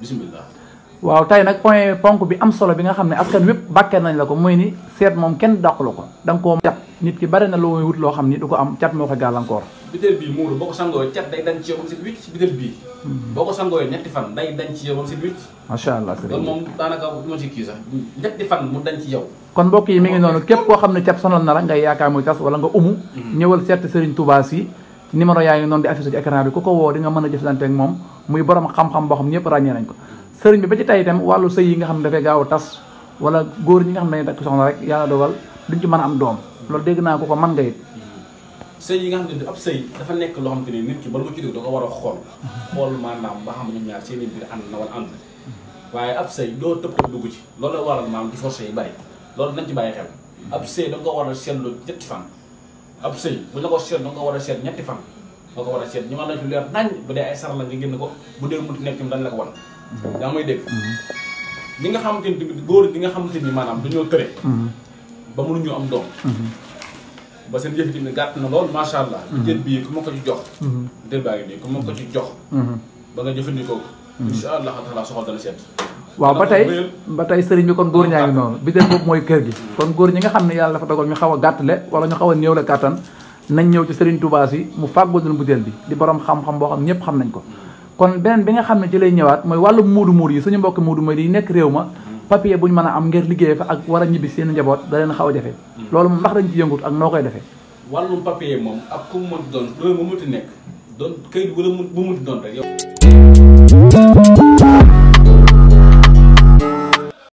bisimilah. waaw tey nag point ponk bi am solo bi nga xam ne askan wépp bàkkee nañ la ko mooy ni seet moom kenn dàqalu ko da nga koo cat nit ki bari na lu muy wut loo xam ni du ko am cat moo ko gàllankoor bitéel bii muuru boo ko sangoo cat day dañ ci yow moom sit wicc si bitéel bii hmm. boo ko sangoo ñetti fan day dañ ci yow moom sit wicc macha allah loolu moom daanaka du ma yi mi ngi noonu képp ne cat sonal na la ngay yaakaar muy tas wala nga umu hmm. ñëwal seet Serigne Touba si numéro yaay ngi noonu di affiché ci écran bi ku ko woo di nga mën a jëflante ak moom muy borom xam-xam boo xam ñëpp ràññee nañ ko sëriñ bi ba ci tey itam wàllu sëy yi nga xam ne dafay gaaw a tas wala ñi nga xam ne dañuy takk soxna rek yàlla dogal duñ ci a am doom loolu dégg naa ko ko mën nga it sëy yi xam ne ab sëy dafa nekk loo xam te ne nit ki bala ko ci dugg da ko war a xool xool maanaam ba xam ñoom ñaar seen biir ànd na wala ànd waaye ab sëy doo tëb tëb dugg ci loolu waral maam di forcé yi bari loolu nañ ci bàyyi xel ab sëy da nga ko war a seetlu ñetti fan ab sëy bu la seet da nga ko war a seet ñetti fan nga ko war a seet ñu mën na ci leer nañ bu dee ay sar la nga génn ko bu dee mu nekk dañ la ko wan daa mhm. may dégg mhm. nga xamante ni tamit góor ñi nga xamante ni maanaam dañoo tëre mhm. ba mënuñu am doom ba seen yëf tamit gàtt na lool macha allah jël bii ku ma ko ci jox jël baa ngi nii ku ma ko ci jox ba nga jëfandikoo ko insha allah taala soxal dana seet waaw ba tey ba tey sëriñ bi kon góor ñaa ngi noonu biteel boobu mooy kër gi kon góor ñi nga xam ne yàlla dafa dogal ñu xaw a gàttale wala ñu xaw a néew la kàttan nañ ñëw ci sëriñ Touba si mu fàggoo dun biteel bi di borom xam-xam boo xam ñëpp xam nañ ko kon beneen bi nga xam ne ci lay ñëwaat mooy wàllu muudu muur yi suñu mbokk muudu muur yi nekk réew ma papier bu ñu mën a am ngir liggéey fa ak war a ñibbi seen njaboot da leen xaw a jafe loolu moom ndax dañ ci yëngut ak noo koy defee wàllum papier moom ak ku mu mënti doon réew ma mënti nekk doon këyit wala bu mënti doon rek yow